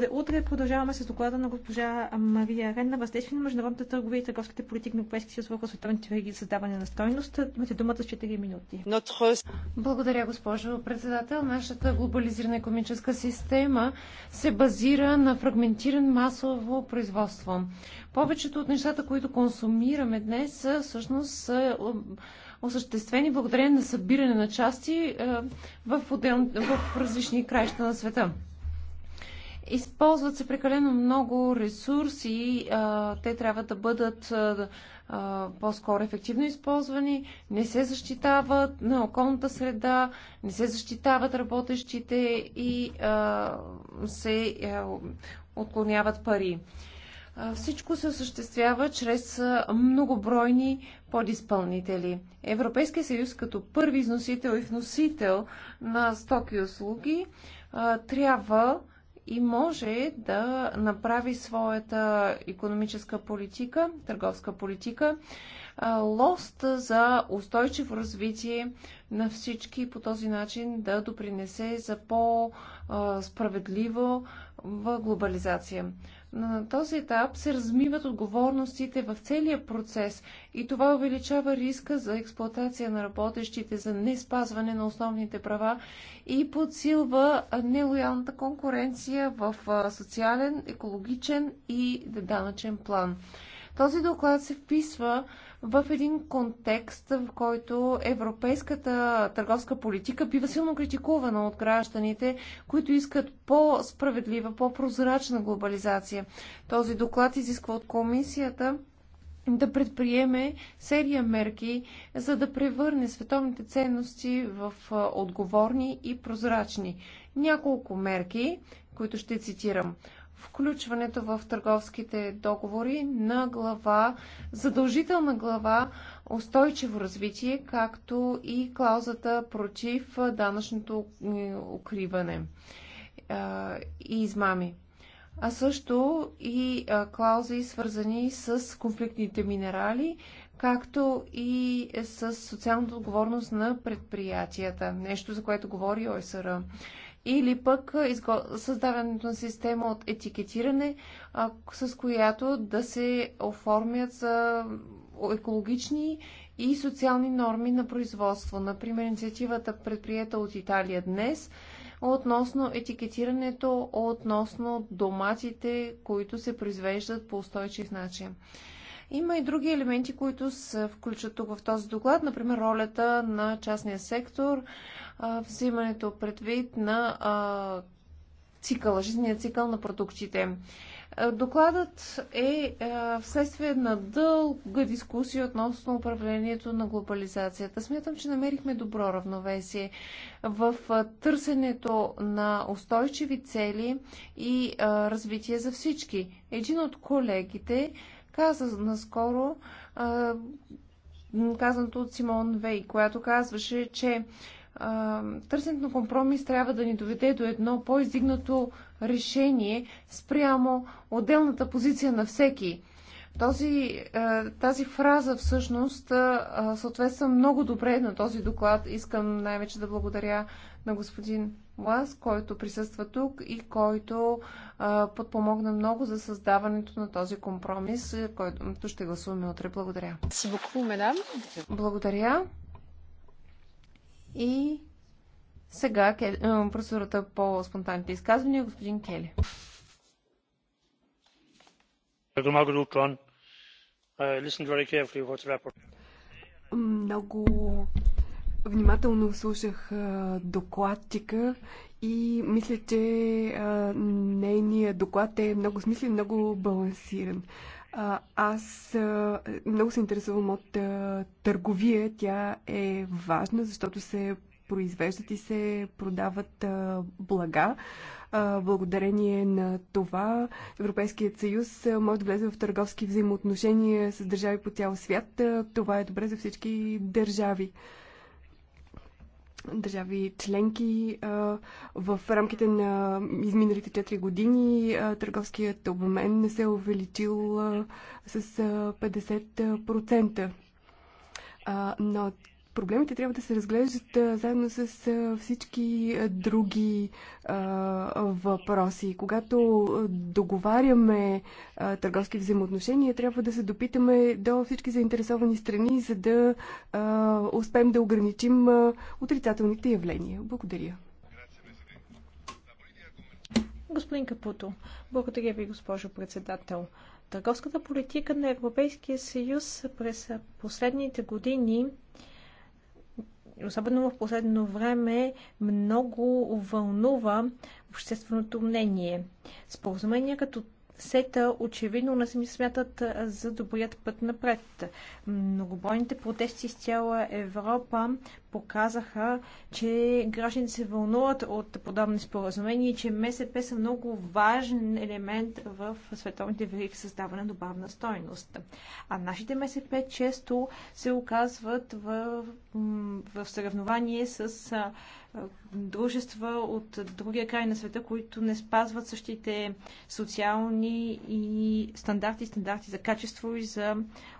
бъде утре. Продължаваме с доклада на госпожа Мария Ренна, въздействие на международната търговия и търговските политики на Европейския съюз върху световните реги за създаване на стойност. Имате думата с 4 минути. Благодаря, госпожо председател. Нашата глобализирана економическа система се базира на фрагментиран масово производство. Повечето от нещата, които консумираме днес, всъщност са е, осъществени благодарение на събиране на части е, в, отдел... в различни краища на света. Използват се прекалено много ресурси, те трябва да бъдат по-скоро ефективно използвани, не се защитават на околната среда, не се защитават работещите и се отклоняват пари. Всичко се осъществява чрез многобройни подизпълнители. Европейския съюз като първи износител и вносител на стоки и услуги трябва и може да направи своята економическа политика, търговска политика лост за устойчиво развитие на всички по този начин да допринесе за по-справедливо в глобализация. На този етап се размиват отговорностите в целия процес и това увеличава риска за експлоатация на работещите, за не спазване на основните права и подсилва нелоялната конкуренция в социален, екологичен и данъчен план. Този доклад се вписва в един контекст, в който европейската търговска политика бива силно критикувана от гражданите, които искат по-справедлива, по-прозрачна глобализация. Този доклад изисква от комисията да предприеме серия мерки, за да превърне световните ценности в отговорни и прозрачни. Няколко мерки, които ще цитирам включването в търговските договори на глава, задължителна глава устойчиво развитие, както и клаузата против данъчното укриване и измами. А също и клаузи свързани с конфликтните минерали, както и с социалната отговорност на предприятията. Нещо, за което говори ОСР или пък създаването на система от етикетиране, с която да се оформят екологични и социални норми на производство. Например, инициативата предприета от Италия днес относно етикетирането, относно доматите, които се произвеждат по устойчив начин. Има и други елементи, които се включат тук в този доклад, например ролята на частния сектор, взимането предвид на цикъла, жизнения цикъл на продуктите. Докладът е вследствие на дълга дискусия относно управлението на глобализацията. Смятам, че намерихме добро равновесие в търсенето на устойчиви цели и развитие за всички. Един от колегите каза наскоро а, казаното от Симон Вей, която казваше, че търсенето на компромис трябва да ни доведе до едно по-издигнато решение спрямо отделната позиция на всеки този, е, тази фраза всъщност е, е, съответства много добре на този доклад. Искам най-вече да благодаря на господин Лас, който присъства тук и който подпомогна много за създаването на този компромис, който ще гласуваме утре. Благодаря. Благодаря. И сега процедурата по спонтанните изказвания, господин Кели. Много внимателно слушах докладчика и мисля, че нейният доклад е много смислен, много балансиран. Аз много се интересувам от търговия. Тя е важна, защото се произвеждат и се продават блага. Благодарение на това Европейският съюз може да влезе в търговски взаимоотношения с държави по цял свят. Това е добре за всички държави държави членки. В рамките на изминалите 4 години търговският обмен не се е увеличил с 50%. Но проблемите трябва да се разглеждат заедно с всички други въпроси. Когато договаряме търговски взаимоотношения, трябва да се допитаме до всички заинтересовани страни, за да успеем да ограничим отрицателните явления. Благодаря. Господин Капуто, благодаря ви, госпожо председател. Търговската политика на Европейския съюз през последните години особено в последно време, много вълнува общественото мнение. Споразумения като сета очевидно не се смятат за добрият път напред. Многобройните протести с цяла Европа показаха, че гражданите се вълнуват от подобни споразумения и че МСП са много важен елемент в световните вериги създаване на добавна стойност. А нашите МСП често се оказват в, в съревнование с дружества от другия край на света, които не спазват същите социални и стандарти, стандарти за качество и за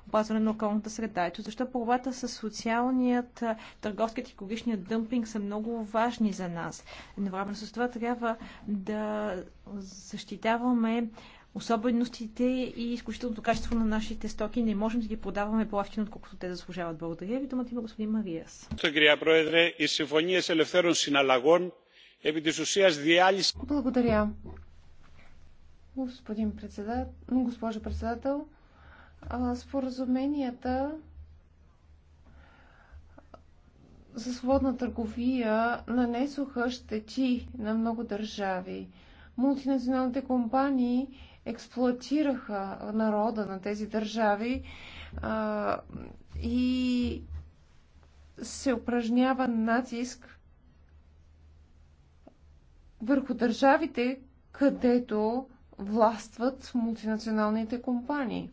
опазване на околната среда. Ето защо борбата с социалният, търговският и екологичният дъмпинг са много важни за нас. Едновременно с това трябва да защитаваме особеностите и изключителното качество на нашите стоки. Не можем да ги продаваме по-ефтино, отколкото те заслужават. Благодаря ви. Думата има господин Мариас. Благодаря. Господин председател, госпожа председател, споразуменията за свободна търговия нанесоха щети на много държави. Мултинационалните компании експлуатираха народа на тези държави а, и се упражнява натиск върху държавите, където властват мултинационалните компании.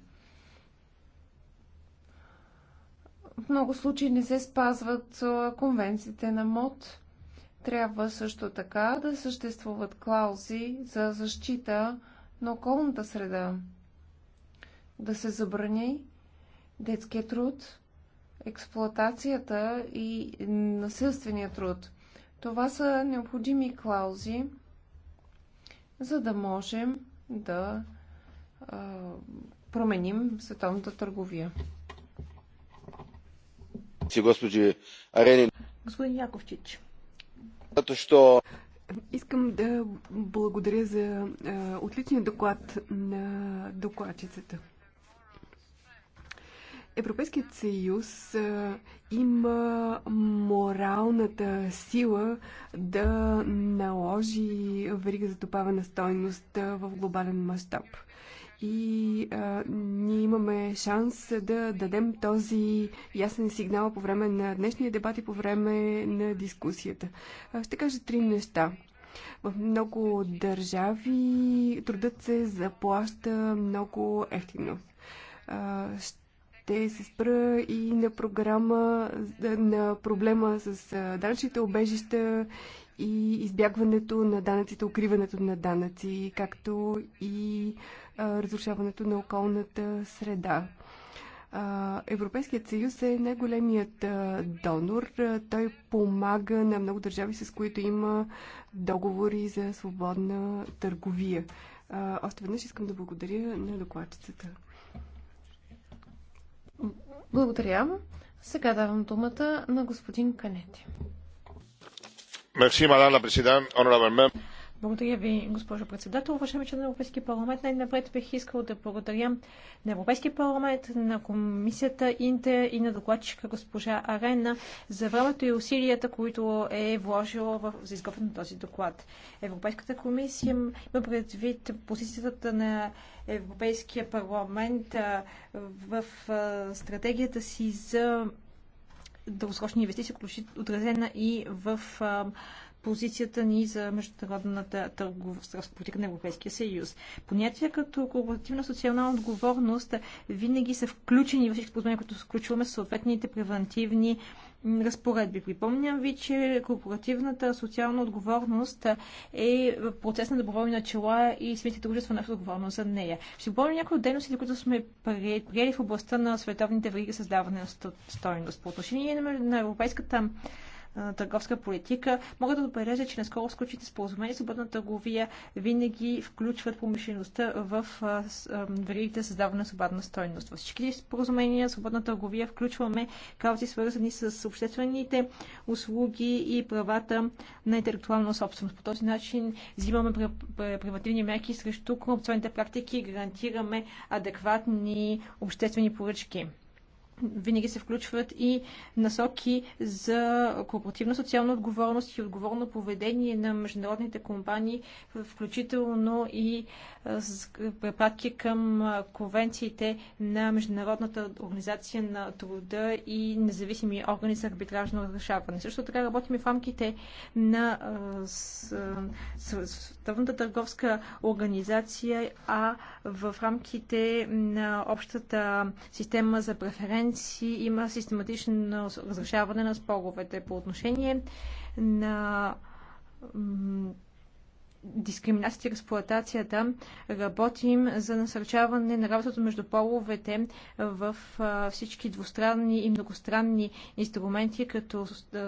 В много случаи не се спазват конвенциите на МОД. Трябва също така да съществуват клаузи за защита на околната среда. Да се забрани детския труд, експлоатацията и насилствения труд. Това са необходими клаузи, за да можем да променим световната търговия. Арени. Господин Яковчич. Искам да благодаря за а, отличния доклад на докладчицата. Европейският съюз а, има моралната сила да наложи верига за добавена стойност а, в глобален мащаб и а, ние имаме шанс да дадем този ясен сигнал по време на днешния дебат и по време на дискусията. А, ще кажа три неща. В много държави трудът се заплаща много ефтино. А, ще се спра и на програма, на проблема с данъчните обежища и избягването на данъците, укриването на данъци, както и разрушаването на околната среда. Европейският съюз е най-големият донор. Той помага на много държави, с които има договори за свободна търговия. Още веднъж искам да благодаря на докладчицата. Благодаря. Сега давам думата на господин Канети. Мерси, мадам президент, благодаря ви, госпожо председател. Уважаеми член на Европейски парламент, най-напред бих искал да благодаря на Европейския парламент, на комисията Инте и на докладчика госпожа Арена за времето и усилията, които е вложила в, за изготвяне на този доклад. Европейската комисия има предвид позицията на Европейския парламент в стратегията си за дългосрочни инвестиции, отразена и в позицията ни за международната търговска политика на Европейския съюз. Понятия като корпоративна социална отговорност винаги са включени в всички споразумения, които включваме съответните превентивни разпоредби. Припомням ви, че корпоративната социална отговорност е процес на доброволни начала и самите дружества на отговорност за нея. Ще помня някои от дейностите, които сме приели в областта на световните вериги създаване на стойност. По отношение на Европейската търговска политика, мога да отбележа, че наскоро сключите споразумение с свободна търговия винаги включват промишлеността в веригите създаване на свободна стойност. Във всички споразумения с свободна търговия включваме каузи, свързани с обществените услуги и правата на интелектуална собственост. По този начин взимаме превативни мерки срещу корупционните практики и гарантираме адекватни обществени поръчки винаги се включват и насоки за корпоративна социална отговорност и отговорно поведение на международните компании, включително и препратки към конвенциите на Международната организация на труда и независими органи за арбитражно разрешаване. Също така работим и в рамките на Световната търговска организация, а в рамките на общата система за преференции конференции има систематично разрешаване на споровете по отношение на дискриминацията и експлуатацията, работим за насърчаване на работата между половете в всички двустранни и многостранни инструменти, като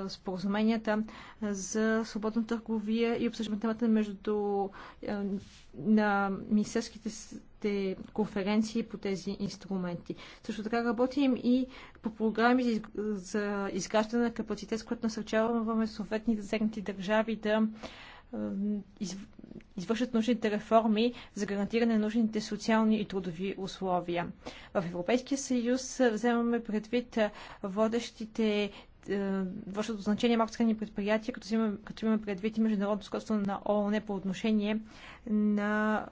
споразуменията за свободна търговия и обсъждаме темата между на министерските конференции по тези инструменти. Също така работим и по програми за изграждане на капацитет, с което насърчаваме съответните засегнати държави да извършат нужните реформи за гарантиране на нужните социални и трудови условия. В Европейския съюз вземаме предвид водещите вършат значение малко скрани предприятия, като, имаме, като имаме предвид и международно скотство на ООН по отношение на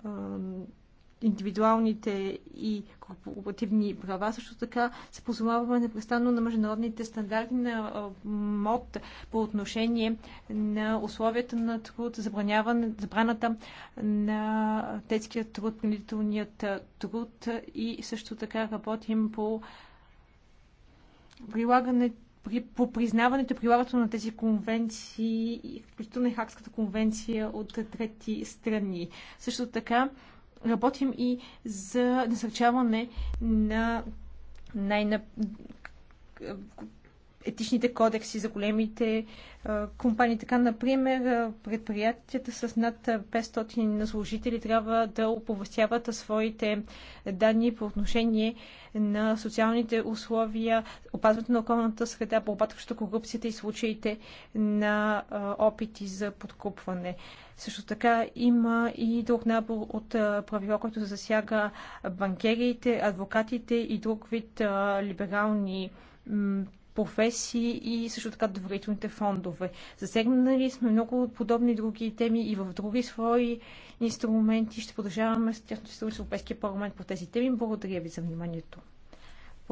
индивидуалните и корпоративни права. Също така се позоваваме непрестанно на международните стандарти на МОД по отношение на условията на труд, забраната на детския труд, принудителният труд и също така работим по прилагането при, по признаването и прилагането на тези конвенции, включително и Хакската конвенция от трети страни. Също така работим и за насърчаване на най-на етичните кодекси за големите компании. Така, например, предприятията с над 500 служители трябва да оповестяват своите данни по отношение на социалните условия, опазването на околната среда, борбата срещу корупцията и случаите на опити за подкупване. Също така има и друг набор от правила, който засяга банкерите, адвокатите и друг вид либерални професии и също така доверителните фондове. Засегнали сме много подобни други теми и в други свои инструменти. Ще продължаваме с тяхното сътрудничество в Европейския парламент по тези теми. Благодаря ви за вниманието.